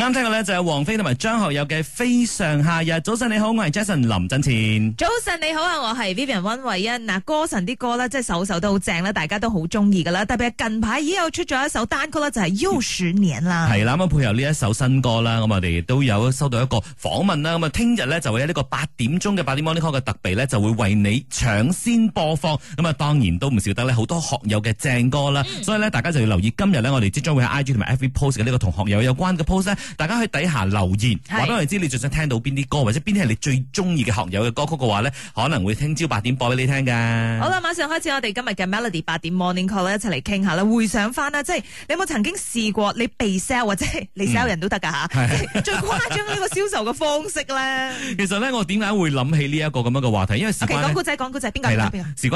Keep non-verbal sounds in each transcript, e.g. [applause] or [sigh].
啱聽嘅呢，就係王菲同埋張學友嘅《非常夏日》。早晨你好，我係 Jason 林振前。早晨你好啊，我係 Vivian 溫慧欣。嗱，歌神啲歌咧，即係首首都好正啦，大家都好中意噶啦。特別係近排，咦又出咗一首單曲啦，就係、是《又十年》啦。係啦，咁配合呢一首新歌啦，咁我哋都有收到一個訪問啦。咁啊，聽日咧就會喺呢個八點鐘嘅八點 morning call 嘅特備咧，就會為你搶先播放。咁啊，當然都唔少得好多學友嘅正歌啦。嗯、所以咧，大家就要留意今日咧，我哋即將會喺 IG 同埋 FB post 嘅呢、這個同學友有關嘅 post 咧。大家去底下留言，話俾我知你最想聽到邊啲歌，或者邊啲係你最中意嘅學友嘅歌曲嘅話咧，可能會聽朝八點播俾你聽噶。好啦，馬上開始我哋今日嘅 Melody 八點 Morning Call，一齊嚟傾下啦。回想翻咧，即係你有冇曾經試過你被 sell 或者你 sell 人都得噶吓？嗯、最誇張呢個銷售嘅方式咧。其實咧，我點解會諗起呢一個咁樣嘅話題？因為事關 okay, 事關講古仔，講古仔邊個打邊個？事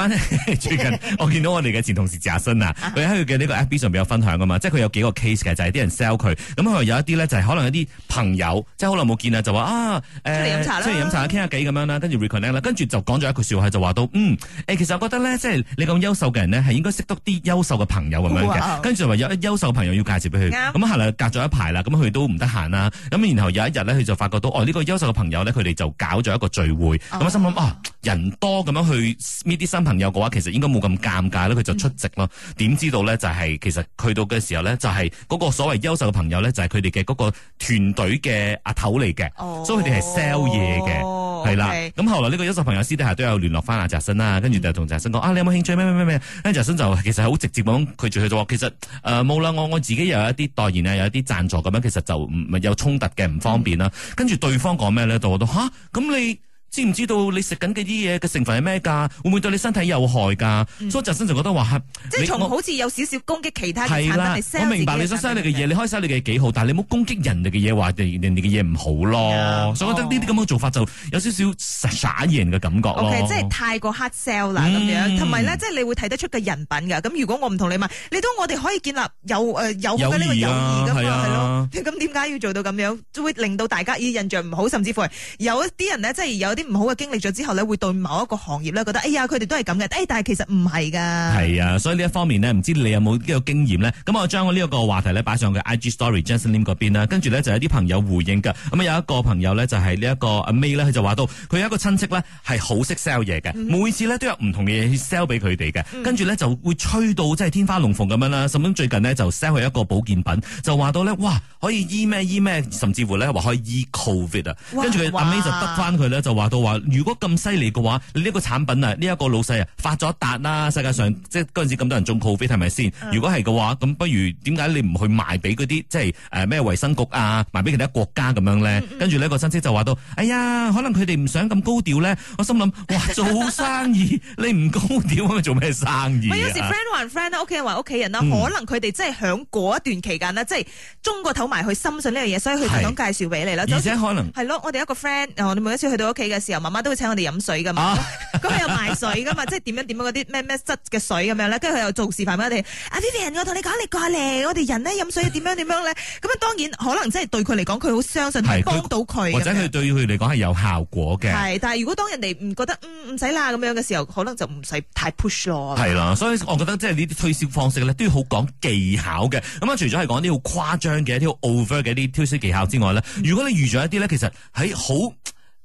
關最近我見到我哋嘅前同事賈森啊，佢喺佢嘅呢個 App 上邊有分享噶嘛，嗯、即係佢有幾個 case 嘅，就係、是、啲人 sell 佢，咁啊有一啲咧就係、是。可能有啲朋友即係好耐冇見啊，就話啊，誒，出嚟飲茶啦，傾下偈咁樣啦，跟住 reconnect 啦，跟住就講咗一句笑話，就話到嗯，誒，其實我覺得咧，即係你咁優秀嘅人咧，係應該識得啲優秀嘅朋友咁樣嘅，跟住話有一優秀朋友要介紹俾佢，咁啊，後來隔咗一排啦，咁佢都唔得閒啦，咁啊，然後有一日咧，佢就發覺到哦，呢個優秀嘅朋友咧，佢哋就搞咗一個聚會，咁啊，心諗啊，人多咁樣去 meet 啲新朋友嘅話，其實應該冇咁尷尬啦，佢就出席咯。點知道咧，就係其實去到嘅時候咧，就係嗰個所謂優秀嘅朋友咧，就係佢哋嘅嗰個。團隊嘅阿頭嚟嘅，哦、所以佢哋係 sell 嘢嘅，係啦。咁後來呢個優秀朋友私底下都有聯絡翻阿澤新啦，跟住就同澤新講啊，你有冇興趣咩咩咩咩？阿澤新就其實好直接咁拒絕佢，就話其實誒冇啦，呃、無論我我自己有一啲代言啊，有一啲贊助咁樣，其實就唔係有衝突嘅，唔方便啦。嗯、跟住對方講咩咧？就我都吓，咁、啊、你。知唔知道你食緊嘅啲嘢嘅成分係咩㗎？會唔會對你身體有害㗎？所以陣時就覺得話，即係從好似有少少攻擊其他嘅產品嚟 sell。我明白你想 sell 你嘅嘢，你開 sell 你嘅幾好，但係你冇攻擊人哋嘅嘢，話人哋嘅嘢唔好咯。所以覺得呢啲咁樣做法就有少少耍人嘅感覺。O K，即係太過 hard sell 啦咁樣，同埋咧即係你會睇得出嘅人品㗎。咁如果我唔同你問，你當我哋可以建立有誒有嘅呢個友誼㗎嘛？係咯，咁點解要做到咁樣？會令到大家印象唔好，甚至乎係有一啲人即係有啲。唔好嘅經歷咗之後咧，會對某一個行業咧覺得，哎呀，佢哋都係咁嘅，哎，但係其實唔係㗎。係啊，所以呢一方面咧，唔知你有冇呢個經驗咧？咁我將我呢一個話題咧擺上嘅 IG Story Justin Lim 嗰邊啦，跟住咧就有啲朋友回應嘅。咁有一個朋友咧就係、是、呢一個阿 May 咧，佢就話到，佢有一個親戚咧係好識 sell 嘢嘅，每次咧都有唔同嘅嘢去 sell 俾佢哋嘅，跟住咧就會吹到即係天花龍鳳咁樣啦。甚至最近呢，就 sell 佢一個保健品，就話到咧，哇可以醫咩醫咩，甚至乎咧話可以醫 COVID 啊哇，跟住阿 May 就得翻佢咧就話。話到話，如果咁犀利嘅話，你呢個產品啊，呢一個老細啊，發咗達啦，世界上即係嗰陣時咁多人中 COVID，係咪先？如果係嘅話，咁不如點解你唔去賣俾嗰啲即係誒咩衛生局啊，賣俾其他國家咁樣咧？跟住呢個親戚就話到，哎呀，可能佢哋唔想咁高調咧。我心諗，哇，做生意你唔高調，做咩生意啊？我有時 friend 還 friend 啦，屋企人還屋企人啦，可能佢哋真係響嗰一段期間咧，即係中個頭埋去深信呢樣嘢，所以佢就想介紹俾你啦。而且可能係咯，我哋一個 friend，我哋每一次去到屋企嘅嘅時候，媽媽都會請我哋飲水噶嘛，咁佢又賣水噶嘛，即係點樣點樣嗰啲咩咩質嘅水咁樣咧，跟住佢又做示範俾我哋。阿、啊、Vivian，我同你講，你過嚟，我哋人咧飲水要點樣點樣咧？咁啊，當然可能真係對佢嚟講，佢好相信幫，佢幫到佢，或者佢對佢嚟講係有效果嘅。係，但係如果當人哋唔覺得唔使啦咁樣嘅時候，可能就唔使太 push 咯。係啦，所以我覺得即係呢啲推銷方式咧都要好講技巧嘅。咁啊，除咗係講啲好誇張嘅、一啲 over 嘅啲推銷技巧之外咧，嗯、如果你遇咗一啲咧，其實喺好。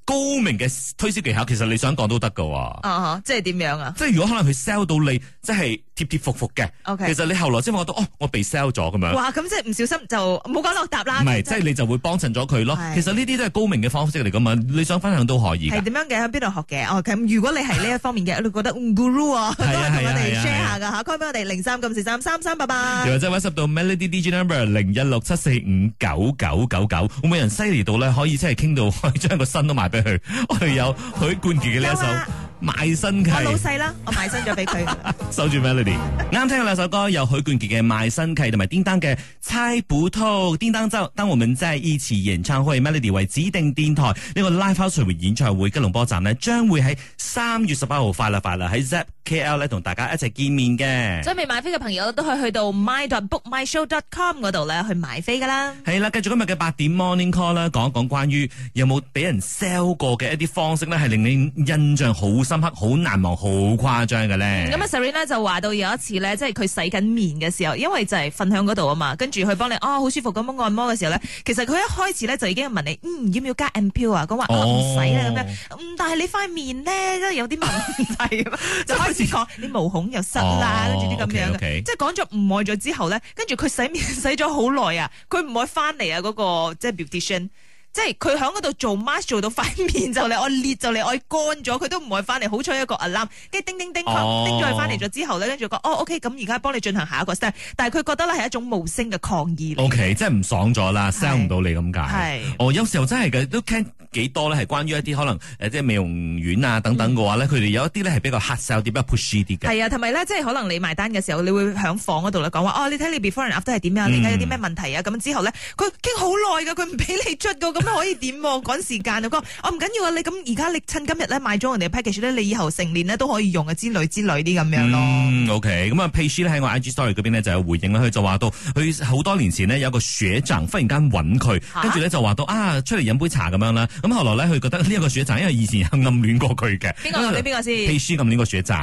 高明嘅推銷技巧，其實你想講都得噶，啊嚇，uh-huh. 即係點樣啊？即係如果可能佢 sell 到你，即係。貼貼服服嘅，ok，其實你後來先覺得哦，我被 sell 咗咁樣。哇，咁即係唔小心就冇講落答啦。唔係，即係、就是、你就會幫襯咗佢咯。是其實呢啲都係高明嘅方式嚟噶嘛，你想分享都可以。係點樣嘅？喺邊度學嘅？咁、oh, 如果你係呢一方面嘅， [laughs] 你覺得嗯 guru 啊， [laughs] 都可以同我哋 share 下噶吓 call 俾我哋零三咁四三三三八八。又吧或者 WhatsApp 到 Melody DJ Number 零一六七四五九九九九，每人犀利到咧？可以即係傾到可以將個身都賣俾佢？我哋有許冠傑嘅呢一首。賣身契，阿老細啦，我賣身咗俾佢。收住 Melody，啱聽嗰兩首歌，有許冠傑嘅《賣身契》同埋丁當嘅《猜不透》，丁當周，當我們即係依次演唱會 [laughs] ，Melody 為指定電台，呢、這個 Live House 巡迴演唱會吉隆坡站呢將會喺三月十八號快樂快樂，喺 Zap KL 咧同大家一齊見面嘅。所以未買飛嘅朋友都可以去到 my.bookmyshow.com 度咧去買飛噶啦。係啦，繼續今日嘅八點 Morning Call 啦，講一講關於有冇俾人 sell 過嘅一啲方式咧，係令你印象好。深刻好難忘，好誇張嘅咧。咁啊，Siri 呢，嗯、就話到有一次咧，即係佢洗緊面嘅時候，因為就係瞓響嗰度啊嘛，跟住佢幫你啊好、哦、舒服咁樣按摩嘅時候咧，其實佢一開始咧就已經問你，嗯，要唔要加 ampoule 啊？講話唔使啊咁樣、嗯，但係你塊面咧真係有啲問題， [laughs] 就開始講 [laughs] 你毛孔又塞啦，跟住啲咁樣即係講咗唔愛咗之後咧，跟住佢洗面洗咗好耐啊，佢唔愛翻嚟啊嗰個即係 beautician 即係佢喺嗰度做 mask 做到塊面就嚟，我裂就嚟，我乾咗，佢都唔會翻嚟。好彩一個 alarm，跟住叮叮叮敲，哦、叮咗佢翻嚟咗之後咧，跟住個哦，OK，咁而家幫你進行下一個 step。但係佢覺得咧係一種無聲嘅抗議。OK，即係唔爽咗啦，sell 唔到你咁解。係是哦，有時候真係嘅都傾幾多咧，係關於一啲可能即係美容院啊等等嘅話咧，佢哋、嗯、有一啲咧係比較 hard sell 啲，比較 push 啲嘅。係啊，同埋咧，即係可能你埋單嘅時候，你會響房嗰度咧講話哦，你睇你 before and after 係點樣，你而家有啲咩問題啊？咁之後咧，佢傾好耐噶，佢唔俾你出噶。嗯、 [laughs] 可以點喎？趕時間啊！個我唔緊要啊！你咁而家你趁今日咧買咗我哋嘅 package 咧，你以後成年咧都可以用嘅之類之類啲咁樣咯。OK，咁啊 package 喺我 IG Story 嗰邊咧就有回應啦。佢就話到佢好多年前呢，有個雪紮，忽然間揾佢，跟住咧就話到啊，出嚟飲杯茶咁樣啦。咁後來咧，佢覺得呢一個雪紮，因為以前暗戀過佢嘅。邊個暗戀邊個先 package 個雪紮，係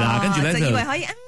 啦、啊，跟住咧佢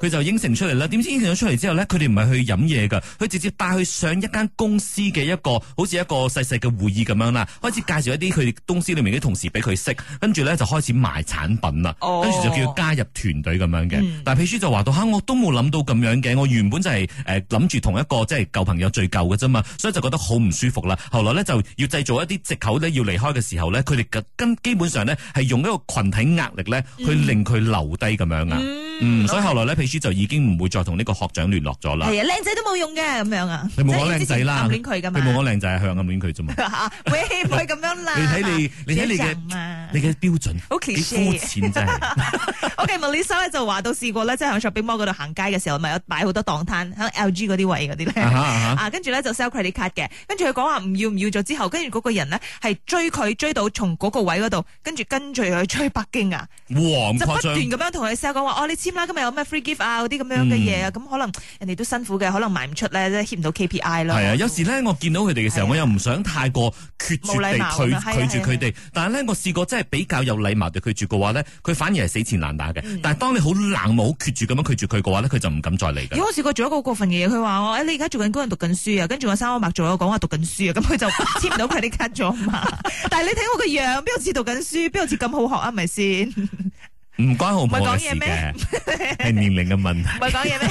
就，就，就應承出嚟啦。點知應承咗出嚟之後咧，佢哋唔係去飲嘢㗎，佢直接帶去上一間公司嘅一個好似一個細細嘅會議。咁樣啦，開始介紹一啲佢哋公司裏面啲同事俾佢識，跟住咧就開始賣產品啦，跟住、oh. 就叫佢加入團隊咁樣嘅。但係佩舒就話到，吓、啊、我都冇諗到咁樣嘅，我原本就係誒諗住同一個即係舊朋友聚舊嘅啫嘛，所以就覺得好唔舒服啦。後來咧就要製造一啲借口咧要離開嘅時候咧，佢哋根基本上咧係用一個群體壓力咧去令佢留低咁樣啊。Mm. Mm. 嗯，所以後來咧，皮豬就已經唔會再同呢個學長聯絡咗啦。係啊，靚仔都冇用嘅咁樣啊。你冇講靚仔啦，佢冇講靚仔係向暗戀佢啫嘛。唔好咁樣啦。你睇你，你睇你嘅，你嘅標準，幾膚淺啫。OK，Melissa 就話到試過咧，即係響卓別摩嗰度行街嘅時候，咪有擺好多檔攤喺 LG 嗰啲位嗰啲，跟住咧就 sell credit card 嘅，跟住佢講話唔要唔要咗之後，跟住嗰個人呢，係追佢追到從嗰個位嗰度，跟住跟住佢去追北京啊。哇，咁誇張！就不斷咁樣同佢 sell 講話，啦，今日有咩 free gift 啊，嗰啲咁樣嘅嘢啊，咁、嗯、可能人哋都辛苦嘅，可能賣唔出咧，即 i 欠唔到 KPI 啦。係啊，有時咧，我見到佢哋嘅時候，啊、我又唔想太過決絕地拒拒，拒絕佢哋，啊啊、但係咧，我試過真係比較有禮貌、嗯、地拒絕嘅話咧，佢反而係死前爛打嘅。但係當你好冷武、好決絕咁樣拒絕佢嘅話咧，佢就唔敢再嚟嘅。我試過做一個過分嘅嘢，佢話我，你而家做緊工人，讀緊書啊，跟住我三歐麥做個，我講話讀緊書啊，咁佢就簽唔到，佢 cut 咗嘛。但係你睇我個樣，邊個似讀緊書，邊個似咁好學啊？咪先。唔關紅婆嘅嘢咩？係 [laughs] 年齡嘅問題。唔係講嘢咩？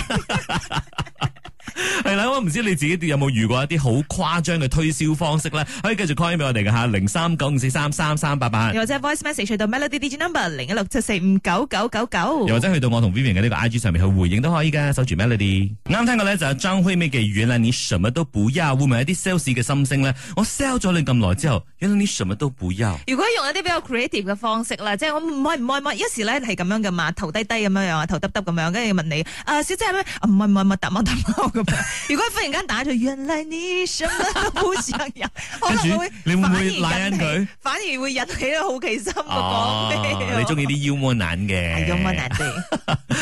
係 [laughs] 啦， [laughs] 我唔知你自己有冇遇過一啲好誇張嘅推銷方式咧？可以繼續 call 俾我哋嘅吓零三九五四三三三八八，又或者 voice message 去到 Melody 的 Digi number 零一六七四五九九九九，又或者去到我同 Vivian 嘅呢個 IG 上面去回應都可以噶。守住 Melody。啱聽過咧就係張惠妹嘅原啦，你什麼都不要會唔會係啲 sales 嘅心聲咧？我 sell 咗你咁耐之後。原來你什麼都不要。如果用一啲比較 creative 嘅方式啦，即係我唔係唔係一時咧係咁樣嘅嘛，頭低低咁樣樣啊，頭耷耷咁樣，跟住問你啊，小姐咧，唔係唔係唔係達摩達摩咁樣。如果忽然間打住，原來你什麼都不要，跟住 [laughs] 你，你會唔會賴人句？反而會引起好奇心。哦， [laughs] 你中意啲幽默眼嘅幽默眼啲。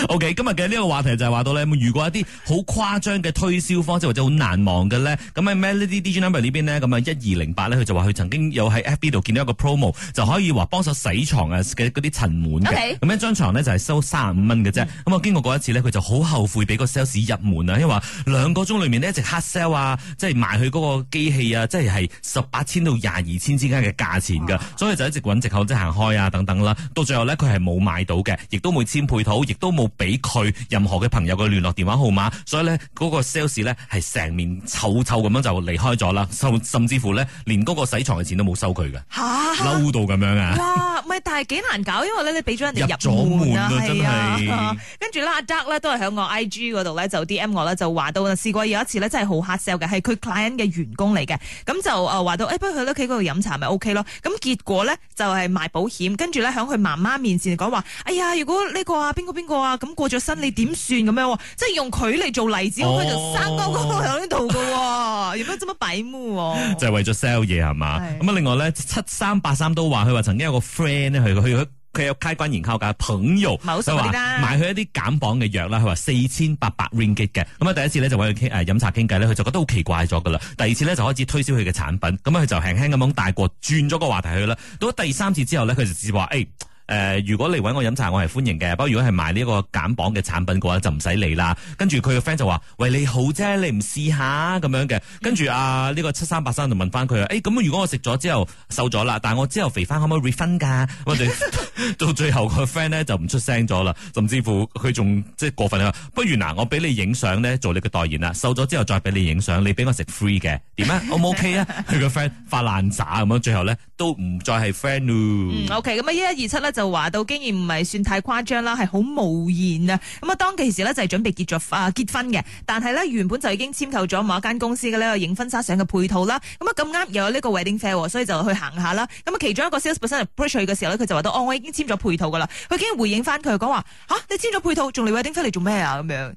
OK，今日嘅呢個話題就係話到咧，如果一啲好誇張嘅推銷方式，或者好難忘嘅咧，咁啊 Melody DJ number 呢邊呢，咁啊一二零八咧，佢就話佢曾經。又喺 FB 度見到一個 promo，就可以話幫手洗床啊嘅嗰啲塵蟎嘅，咁 Okay. 一張床咧就係、是、收卅五蚊嘅啫。咁啊、嗯、經過嗰一次咧，佢就好後悔俾個 sales 入門啊，因為話兩個鐘裏面呢一直 hard sell 啊，即係賣佢嗰個機器啊，即係係十八千到廿二千之間嘅價錢噶，Wow. 所以就一直搵藉口即行、就是、開啊等等啦。到最後咧，佢係冇買到嘅，亦都冇簽配套，亦都冇俾佢任何嘅朋友嘅聯絡電話號碼，所以咧嗰、那個 sales 咧係成面臭臭咁樣就離開咗啦。甚甚至乎咧，連嗰個洗床嘅錢，都冇收佢嘅吓嬲到咁樣啊！哇，唔係，但係幾難搞，因為咧你俾咗人哋入咗門,入了門了啊，真係。跟住咧，阿 Duck 咧都係響我 I G 嗰度咧，就 D M 我咧就話到試過有一次咧，真係好 hard sell 嘅，係佢 client 嘅員工嚟嘅。咁就誒話到誒、欸，不如去佢屋企嗰度飲茶咪 O K 咯。咁結果咧就係、是、賣保險，跟住咧響佢媽媽面前講話：，哎呀，如果呢個啊邊個邊個啊咁過咗身，你點算咁樣？即係用佢嚟做例子，佢就、哦、生高高響呢度嘅，做乜做乜擺烏？就係為咗 sell 嘢係嘛。咁另外咧，七三八三都話，佢話曾經有個 friend 咧，佢佢佢有階棍研究架朋友，佢話錯買佢一啲減磅嘅藥啦，佢話四千八百 Ringgit 嘅。咁啊，第一次咧就揾佢傾誒飲茶傾偈咧，佢就覺得好奇怪咗噶啦。第二次咧就開始推銷佢嘅產品，咁佢就輕輕咁樣帶過轉咗個話題去啦。到第三次之後咧，佢就直接話誒。欸誒、呃，如果你搵我飲茶，我係歡迎嘅。不過如果係買呢一個減磅嘅產品嘅話，就唔使理啦。跟住佢個 friend 就話，喂，你好啫，你唔試下咁、啊、樣嘅？跟住阿呢個七三八三就問翻佢啊。誒、欸，咁如果我食咗之後瘦咗啦，但係我之後肥翻可唔可以 refund 噶？我哋 [laughs] [laughs] 到最後個 friend 咧，就唔出聲咗啦，甚至乎佢仲即係過分啊！不如嗱，我俾你影相咧，做你嘅代言啦。瘦咗之後再俾你影相，你俾我食 free 嘅，點咩？O 唔 OK 啊？佢個 friend 發爛渣咁樣，最後咧。都唔再係 friend 咯。嗯，OK 咁啊，一一二七咧就話到，竟然唔係算太誇張啦，係好無言啊。咁啊，當其時咧就係準備結咗婚、啊、結婚嘅，但係咧原本就已經簽購咗某一間公司嘅呢個影婚紗相嘅配套啦。咁啊咁啱又有呢個 wedding fair，所以就去行下啦。咁啊，其中一個 salesperson approach 嘅時候咧，佢就話到哦，我已經簽咗配套噶啦。佢竟然回應翻佢講話吓，你簽咗配套仲嚟 wedding fair 嚟做咩啊？咁樣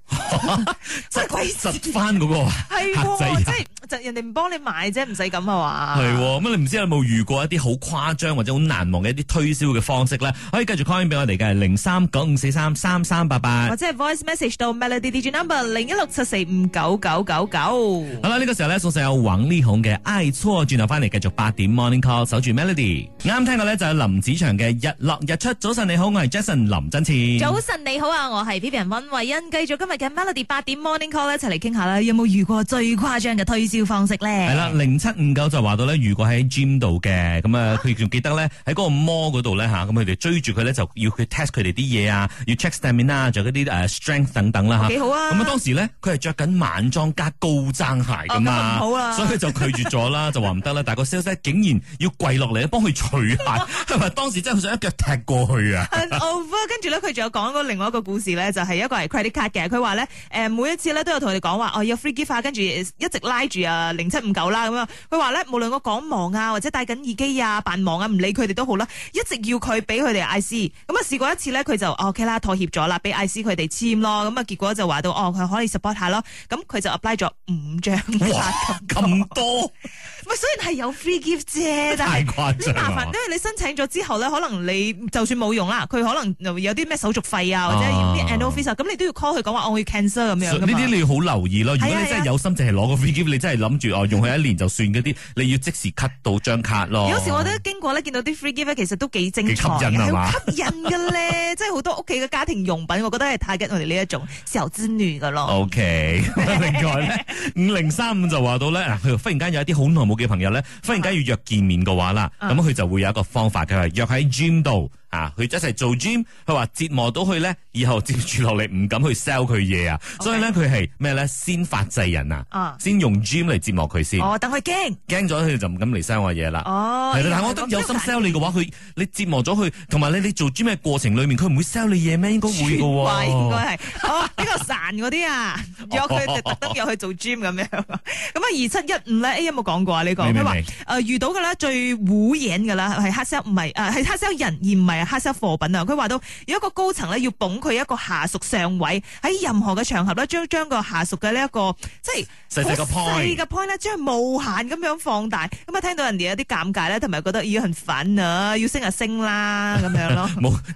真係鬼窒翻、嗰個，係即係人哋唔幫你買啫，唔使咁啊嘛。係咁 [laughs] 你唔知有冇遇過？啲好誇張或者好難忘嘅一啲推銷嘅方式咧，可以繼續 call 俾我哋嘅零三九五四三三三八八，或者係 voice message 到 Melody Digi number 零一六七四五九九九九。好啦，呢、這個時候咧，送上有王力宏嘅 i 錯轉頭翻嚟，繼續八點 morning call，守住 Melody。啱聽到咧就係、是、林子祥嘅日落日出，早晨你好，我係 Jason 林振前。早晨你好啊，我係 Vivian 温慧欣。繼續今日嘅 Melody 八點 morning call 咧，一齊嚟傾下啦，有冇遇過最誇張嘅推銷方式咧？係啦，零七五九就話到咧，如果喺 gym 度嘅。咁啊，佢仲記得咧喺嗰個摩嗰度咧嚇，咁佢哋追住佢咧就要去 test 佢哋啲嘢啊，要 check 下面啊，仲有啲誒 strength 等等啦嚇。幾好啊！咁啊，當時咧佢係着緊晚裝加高踭鞋噶啊。哦、好所以佢就拒絕咗啦， [laughs] 就話唔得啦。但個 sales 竟然要跪落嚟幫佢除鞋，係咪 [laughs] 當時真係好想一腳踢過去啊 [laughs] over，跟住咧，佢仲有講過另外一個故事咧，就係、是、一個係 credit card 嘅，佢話咧誒每一次咧都有同佢哋講話，哦要 free gift 化，跟住一直拉住啊零七五九啦咁啊。佢話咧無論我講忙啊，或者戴緊耳機，呀，扮忙啊，唔、啊、理佢哋都好啦，一直要佢俾佢哋 IC，咁啊試過一次咧，佢就、哦、OK 啦，妥協咗啦，俾 IC 佢哋簽咯，咁、嗯、啊結果就話到哦，佢可以 support 下咯，咁、嗯、佢就 apply 咗五張卡咁哇多。喂，雖然係有 free gift 啫，但係啲麻煩，因為你申請咗之後咧，可能你就算冇用啦，佢可能有啲咩手續費啊，或者啲 annual fee 咁，你都要 call 佢講話我要 cancel 咁樣。呢啲你要好留意咯，如果你真係有心就係攞個 free gift，你真係諗住哦用佢一年就算嗰啲，你要即時 cut 到張卡咯。有時我覺得經過咧見到啲 free gift 其實都幾精彩，好吸引噶咧，即係好多屋企嘅家庭用品，我覺得係太激我哋呢一種小資女噶咯。OK，另外咧五零三五就話到咧，忽然間有一啲好耐冇.嘅朋友咧，忽然間要約見面嘅話啦，咁佢、啊、就會有一個方法，佢係約喺 gym 度。啊！佢一齊做 gym，佢話折磨到佢咧，以後接住落嚟唔敢去 sell 佢嘢啊！Okay. 所以咧，佢係咩咧？先發制人啊！先用 gym 嚟折磨佢先。哦，等佢驚，驚咗佢就唔敢嚟 sell 我嘢啦。哦，但係我覺得有心 sell 你嘅話，佢你折磨咗佢，同埋咧你做 gym 嘅過程裏面，佢唔會 sell 你嘢咩？應該會嘅喎，應該係比較殘嗰啲啊，如果佢特登又去做 gym 咁樣。咁 [laughs] 啊，二七一五咧，A 有冇講過啊？你講佢話誒，遇到嘅咧最唬影嘅咧係黑 sell，唔係誒係黑 sell 人而唔係。黑色貨品啊！佢話到有一個高層咧，要捧佢一個下屬上位，喺任何嘅場合咧，將將個下屬嘅呢一個即係細細個 point，細細個 point 咧，將無限咁樣放大。咁啊，聽到人哋有啲尷尬咧，同埋覺得要恨憤啊，要升就升啦咁樣咯。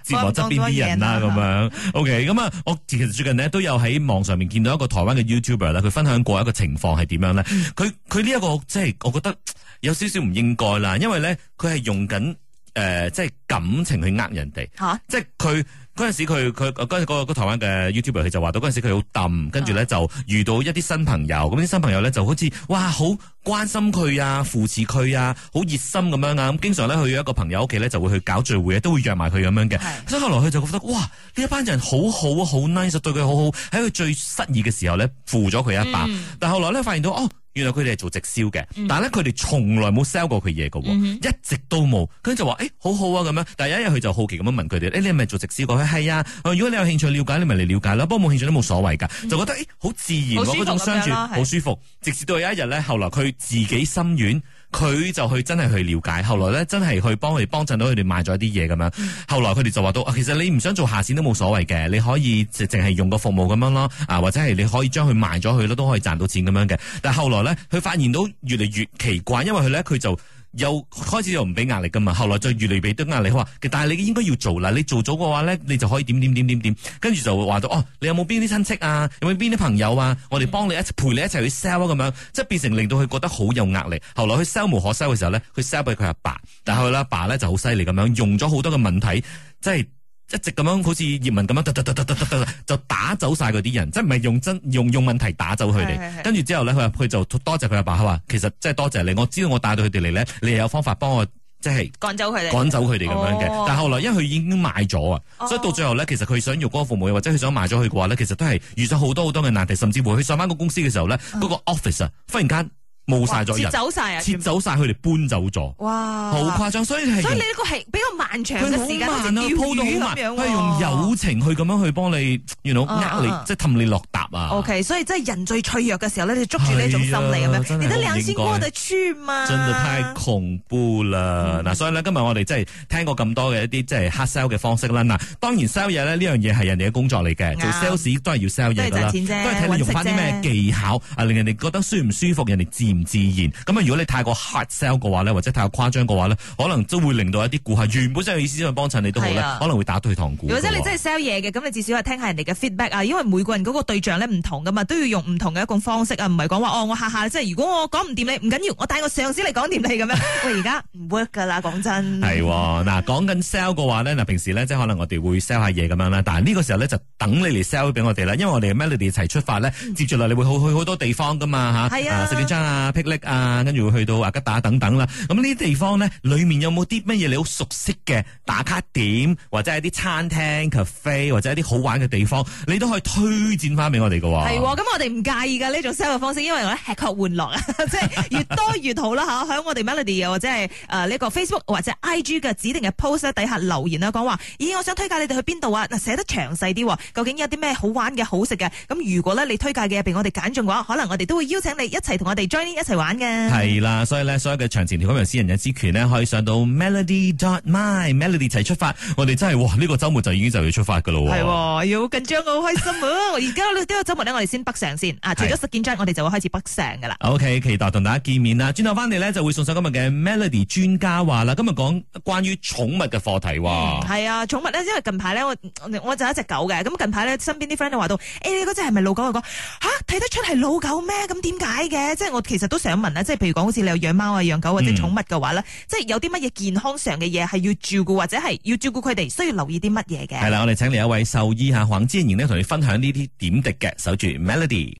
折磨側 [laughs] 邊啲人啦咁樣。OK，咁啊，我其實最近呢，都有喺網上面見到一個台灣嘅 YouTuber 咧，佢分享過一個情況係點樣咧？佢佢呢一個即係我覺得有少少唔應該啦，因為咧佢係用緊。誒、呃，即係感情去呃人哋，啊、即係佢嗰陣時佢佢嗰個嗰個台灣嘅 YouTuber，佢就話到嗰陣時佢好氹，跟住咧就遇到一啲新朋友，咁啲新朋友咧就好似哇好關心佢啊，扶持佢啊，好熱心咁樣啊，咁經常咧去一個朋友屋企咧就會去搞聚會啊，都會約埋佢咁樣嘅。咁是後來佢就覺得哇，呢一班人好好啊，好 nice，對佢好好。喺佢最失意嘅時候咧，扶咗佢一把。嗯、但係後來咧發現到哦。原來佢哋係做直銷嘅，嗯、哼但係咧佢哋從來冇 sell 過佢嘢嘅喎，嗯、哼一直都冇。佢就話，誒、欸，好好啊咁樣。但係有一日佢就好奇咁樣問佢哋，誒、欸，你係咪做直銷嘅？佢：係啊。如果你有興趣了解，你咪嚟了解啦。不過冇興趣都冇所謂㗎，就覺得誒好、欸、自然喎，嗰、嗯、種相處好舒，舒服。直至到有一日咧，後來佢自己心軟。佢就去真係去了解，後來呢真係去幫佢哋，幫襯到佢哋賣咗一啲嘢咁樣。後來佢哋就話到，其實你唔想做下線都冇所謂嘅，你可以淨係用個服務咁樣咯。啊，或者係你可以將佢賣咗佢咯，都可以賺到錢咁樣嘅。但係後來呢，佢發現到越嚟越奇怪，因為佢呢，佢就。又開始又唔俾壓力噶嘛，後來就越嚟俾多壓力，但係你應該要做啦，你做咗嘅話咧，你就可以點點點點點，跟住就會話到，哦，你有冇邊啲親戚啊，有冇邊啲朋友啊，我哋幫你一齊陪你一齊去 sell 啊，咁樣，即係變成令到佢覺得好有壓力。後來佢 sell 無可 sell 嘅時候咧，佢 sell 俾佢阿爸，但係佢阿爸咧就好犀利咁樣，用咗好多嘅問題，即係。一直咁樣好似葉問咁樣打打打打打打打，就打走晒嗰啲人，即係唔係用真用用問題打走佢哋。 [noise] 跟住之後咧，佢佢就多謝佢阿爸、爸，佢話其實即係多謝你，我知道我帶到佢哋嚟咧，你有方法幫我，即係趕走佢趕走佢哋咁樣嘅。Oh、但係後來因為佢已經賣咗啊，oh. 所以到最後咧，其實佢想用嗰個父母，或者佢想賣咗佢嘅話咧，其實都係遇上好多好多嘅難題，甚至乎佢上翻個公司嘅時候咧，嗰、oh. 個 office 啊，忽然間。冇晒咗人，走晒啊！撤走曬，佢哋搬走咗，哇，好誇張，所以係，所以你呢個係比較漫長嘅時間，要鋪到好慢，佢係用友情去咁樣去幫你，原來呃你，即係氹你落沓啊。O K，所以即係人最脆弱嘅時候咧，你捉住呢種心理咁樣，你得兩千蚊就出嘛。真係太恐怖啦！嗱，所以咧今日我哋真係聽過咁多嘅一啲即係黑 sell 嘅方式啦。嗱，當然 sell 嘢咧呢樣嘢係人哋嘅工作嚟嘅，做 sales 都係要 sell 嘢噶啦，都係睇你用翻啲咩技巧啊，令人哋覺得舒唔舒服，人哋自唔自然咁啊！如果你太過 hard sell 嘅話呢，或者太過誇張嘅話呢，可能都會令到一啲顧客原本真係有意思想幫襯你都好咧，啊、可能會打退堂鼓。或者你真係 sell 嘢嘅，咁你至少係聽下人哋嘅 feedback 啊，因為每個人嗰個對象咧唔同噶嘛，都要用唔同嘅一種方式啊，唔係講話哦，我下下即係如果我講唔掂你，唔緊要，我帶個上司嚟講掂你咁樣。喂， [laughs] 而家唔 work 噶啦，講真。係嗱、啊，講緊 sell 嘅話呢，嗱平時呢，即可能我哋會 sell 下嘢咁樣啦，但係呢個時候呢，就等你嚟 sell 俾我哋啦，因為我哋 melody 一齊出發呢。接住嚟你會去好多地方噶嘛，係啊。石啊。霹靂啊，跟住會去到啊吉打等等啦。咁呢啲地方咧，裏面有冇啲乜嘢你好熟悉嘅打卡點？或者係啲餐廳 cafe 或者一啲好玩嘅地方，你都可以推薦翻俾我哋嘅喎。係喎、哦，咁我哋唔介意嘅呢種 sell 嘅方式，因為我哋吃喝玩樂啊，即係 [laughs] 越多越好啦吓，喺我哋 Melody [laughs] 或者係誒呢個 Facebook 或者 IG 嘅指定嘅 post 底下留言啊講話咦，我想推介你哋去邊度啊？嗱，寫得詳細啲，究竟有啲咩好玩嘅、好食嘅？咁如果咧你推介嘅被我哋揀中嘅話，可能我哋都會邀請你一齊同我哋 join。一齊玩嘅，係啦，所以咧，所有嘅長情條友私人嘅之權呢，可以上到 Melody dot my Melody 一齊出發。我哋真係哇，呢、這個周末就已經就要出發噶咯。係，要好緊張，好開心。而家呢呢個周末咧，我哋先北上先啊。除咗十件章，我哋就會開始北上噶啦。OK，期待同大家見面啦。轉頭翻嚟呢，就會送上今日嘅 Melody 專家話啦。今日講關於寵物嘅課題。嗯，係啊，寵物呢，因為近排呢，我我就有一隻狗嘅。咁近排呢，身邊啲 friend 都話到，誒、欸，嗰隻係咪老狗嚟講？吓，睇得出係老狗咩？咁點解嘅？即係我其實。都想問啦，即係譬如講，好似你有養貓啊、養狗或者寵物嘅話咧，嗯、即係有啲乜嘢健康上嘅嘢係要照顧或者係要照顧佢哋，需要留意啲乜嘢嘅？係啦，我哋請嚟一位獸醫吓黃之賢呢同你分享呢啲點滴嘅，守住 Melody。